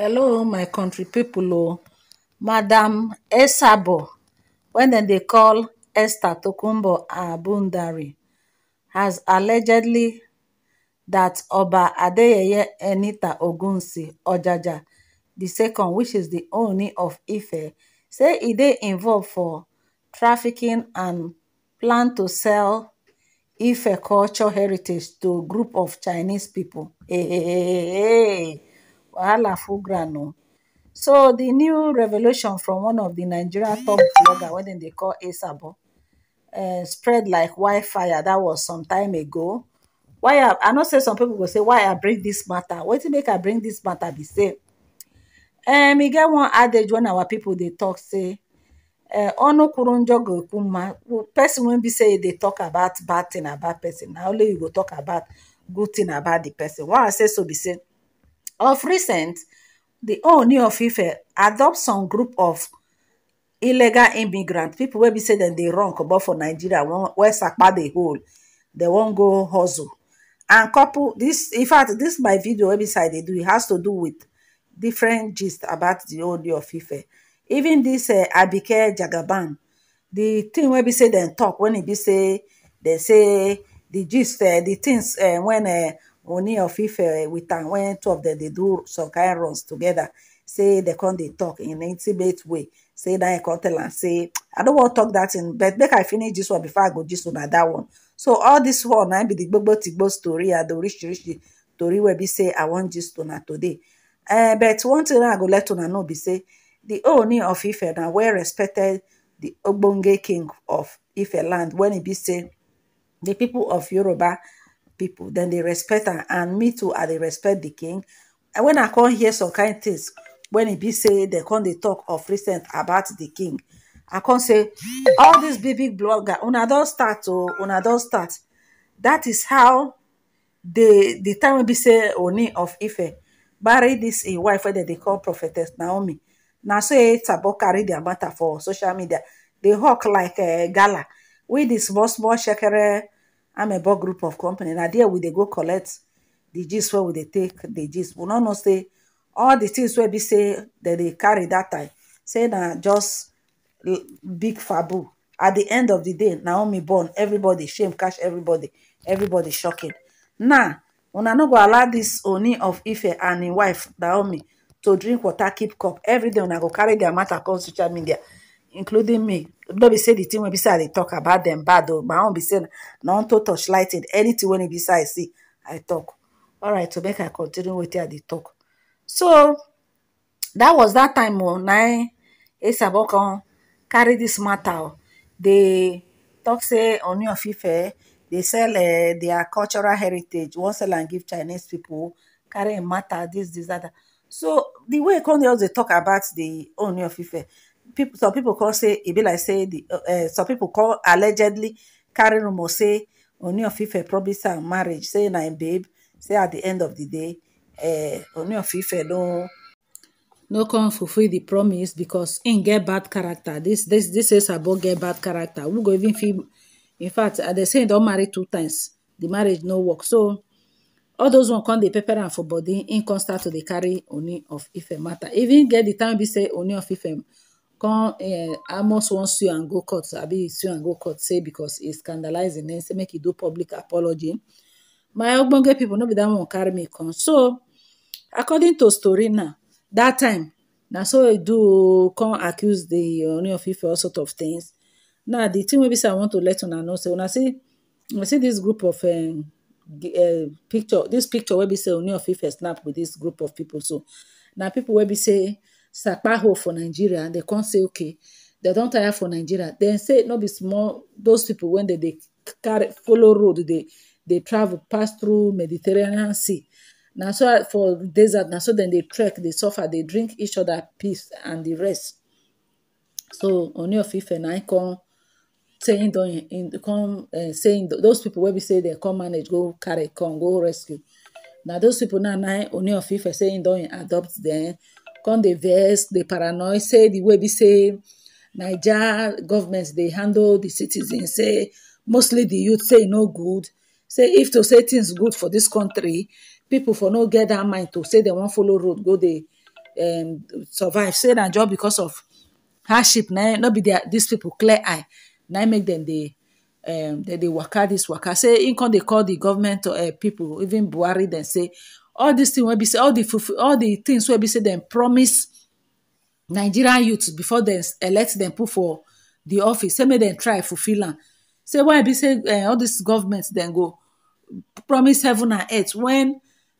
hello my country people Oh, madam esabo when dem they call esther tokumbo abundari has allegedly that oba adeyeye enita ogunsi ojaja the second which is the only of ife say he they involved for trafficking and plan to sell ife culture heritage to group of chinese people. hey, hey, hey, hey wahala full ground oh. so the new revelation from one of the nigeria top blogger what they call asabo eh, spread like wildfire That was some time ago why i i know say some people will say why i bring this matter to make i bring this matter be say um eh, we get one adage when our people they talk say eh, onukwurunjogo kuma person won't be say they talk about bad thing about person Now only you go talk about good thing about the person why i say so be say of recent, the owner of FIFA adopt some group of illegal immigrant people will be say dem dey run comot for nigeria where sapa dey hold won't go hustle and couple this in fact this my video website be do it has to do with different gist about the owner of FIFA. even this uh, Abike Jagaban the thing where be say they talk when we be say they say the gist uh, the things uh, when uh, oni of ife eh, wit am wen two of dem dey do some kain runs togeda say dem con dey tok in intimate way say na him con tell am say i don wan tok dat thing but make i finish dis one before i go gist una dat one so all dis one na be di gbogbo tigbo stori i don reach tori wey be say i wan gist una today eh, but one thing i go let una know be say di oni of ife na wey respected di ogbonge king of ife land wen e be say di pipo of yoruba. people then they respect and me too and they respect the king and when i come hear some kind things when it be say dem come they talk of recent about the king i come say all these big big blogger don't start I don't start that is how how the time wey be say oni of ife marry this a wife that they call prophetess naomi Now say it's about carry their matter for social media They hawk like eh, gala with this small small shekere I'm a board group of company I there we they go collect the gist where we they take the gist we no know say all the things where we say that they carry that time say that just big fabu at the end of the day naomi born everybody shame cash everybody everybody shocking now una no go allow this oni of ife and his wife naomi to drink water keep cup every day una go carry their matter come social media including me no be say the thing wey be say i dey talk about dem bad o my own be say na unto lighted anything wey no be say i see i talk all right so make i continue wetin i dey talk so that was that time nine eight sabo con carry this mata dey talk say oni ofife dey sell eh, their cultural heritage wan sell am give chinese people carry im mata dis this that so the way e kon just dey talk about the oni ofife. people some people call say e be like say the uh, uh some people call allegedly carry rumor say oni of Ife promise am marriage say na im babe say at the end of the day uh, Ooni of Ife no no come fulfill the promise because im get bad character this this this is about get bad character who go even feel in fact i dey say im don marry two times the marriage no work so all those one come dey pepper am for body im come start to dey carry oni of Ife matter even get the time be say oni of Ife come eh, amos wan sue and go court I be sue and go court say because it scandalize Then name say make you do public apology my ogbonge people no be dat one carry me come so according to story now that time now. so I do come accuse the Ooni of Ife all sort of things now the thing maybe say i want to let you know say I see I see this group of eh, eh, picture This picture will be say Ooni of Ife snap with this group of people. so now people will be say sakpaho for nigeria and dem come say okay dem don tire for nigeria dem say no be small those pipo wen dem dey carry follow road dey travel pass through mediterranean sea na so for desert na so dem dey trek dey suffer dey drink each other peace and di rest so one of ife na e come say ndoyin im come eh, say those people wey be say dem come manage go carry come go rescue na those pipo na na e, one of ife say ndoyin adopt dem. come dey vex dey paranoid say di way be say naija government dey handle the citizens say mostly the youth say e no good say if to say things good for this country people for no get dat mind to say they wan follow road go dey um, survive say na just because of hardship na no be their dis people clear eye na make dem dey um, dem dey waka dis waka say im come dey call the government uh, people even buhari dem say all these things wey be say all di all the things will be say and promise nigerian youths before they elect them put for the office say make dem try fulfill am say why be say eh, all these governments then go promise heaven and earth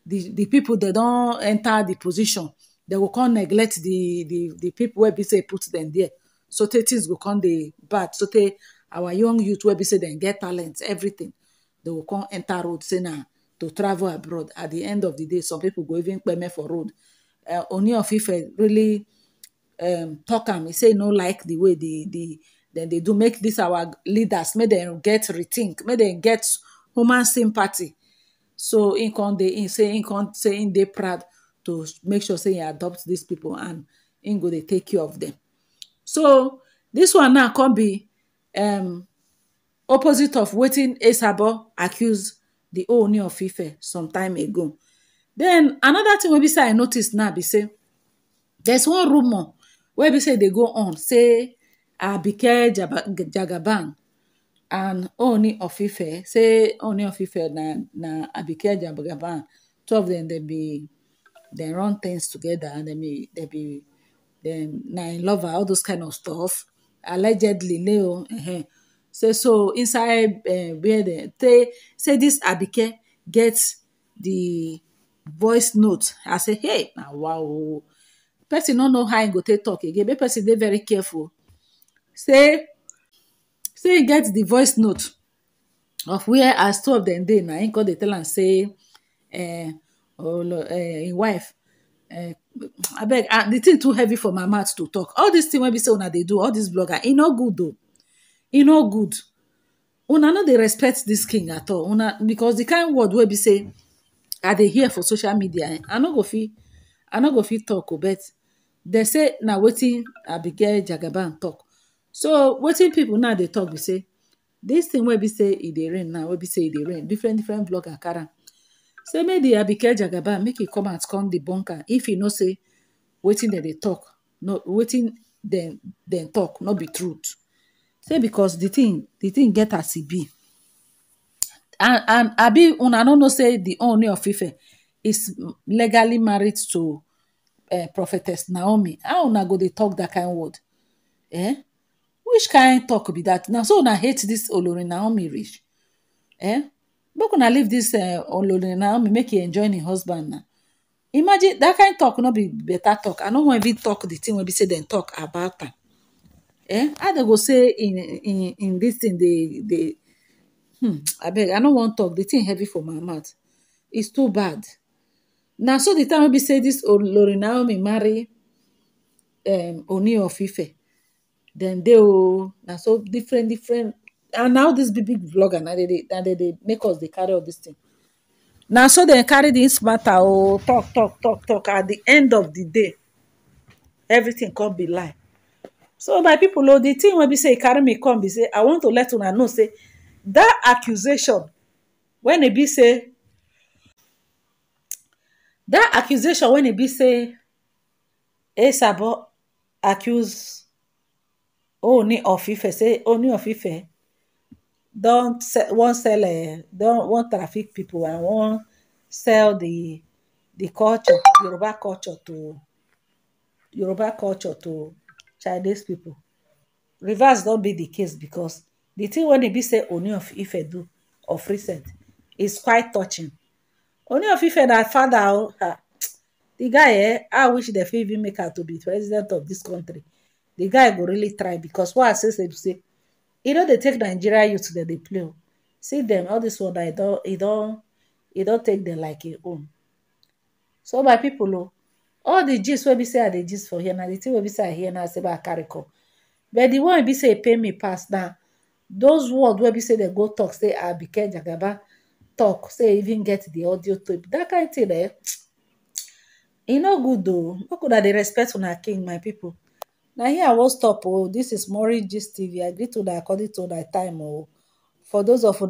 the people they don't enter the position they will come neglect the people where be say put them there So sotey things will come the bad they our young youth will be say they get talent everything They will come enter road say now. to travel abroad at the end of the day some people go even kpeme for road uh, oni of really um, talk am he say no like the way the the dem dey do make this our leaders make dem get rethink make dem get human sympathy so im con dey im say im con say im dey proud to make sure say im adopt these people and im go dey take care of them. so this one now come be um opposite of wetin esabo accuse the Ooni of Ife some time ago. Then another thing wey be say I notice now be say there's one rumor wey be say they go on say Abike Jagaban and Ooni of Ife say Ooni of Ife na na Abike Jagaban two of them they be they run things together and they be they be dem na in lover all those kind of stuff allegedly leo uh -huh. say so inside eh, where they say this abike gets the voice note i say hey now wow Person don't know how im go take talk again but person they very careful say say get the voice note of where as two of dem dey na im come tell and say im eh, oh eh, wife abeg ah, the thing too heavy for my mouth to talk all this thing wey be say when they do all dis blogger e no good though you know good una no dey respect this king at all una because the kind word wey be say i dey hear for social media eh, i no go fit i no go fit talk o but they say na wetin abigail jagaban talk so wetin people now dey talk be say this thing wey be say e dey rain now wey be say e dey rain different different blogger carry am say make the abigail jagaban make e come out come debunk if e know say wetin dem dey talk no wetin dem dem talk no be truth say because the thing the thing get as CB, be and and abi una no know say the only of FIFA is legally married to eh, prophetess naomi how una go dey talk that kind word eh which kind talk be that? na so una hate this olori naomi rich, eh But make I leave this eh, olori naomi make you enjoy your husband na imagine that kind talk no be better talk i no wan even talk the thing when be say then talk about that eh how dem go say in in in this thing dey dey hmm beg. i no wan talk the thing heavy for my mouth it's too bad Now, so the time we be say dis olori naomi marry um oni or fife. Then they will oh, now so different different and now this big big vlogger Now they they make us they carry all this thing. Now so they carry this matter o oh, talk talk talk talk at the end of the day everything could be lie so my people, oh di tin wey be say e carry me come be say i want to let una know say that accusation When e be say that accusation when e be say esabo accuse oni of ife say oni of ife don wan sell eh, don wan traffic people and wan sell the the culture yoruba culture to yoruba culture to chinese people. reverse don't be the case because the thing when e be say only of ife do of recent is quite touching Only of ife na father the guy eh i wish the fit maker to be president of this country The guy will really try because what i say say say You know they take nigeria youth to the play see them all this one na don't take them like you own so my people, o all the gist wey be say i dey gist for here na the thing wey be say i hear now say i carry come but the one be say e pain me pass now those words wey be say dem go talk say abike ah, jagaba talk say e even get the audio tape that kind thing eh e no good o make una dey respect una king my people na here i wan stop o oh. this is Maureen's Gist TV i greet una according to una time o oh. for those of una.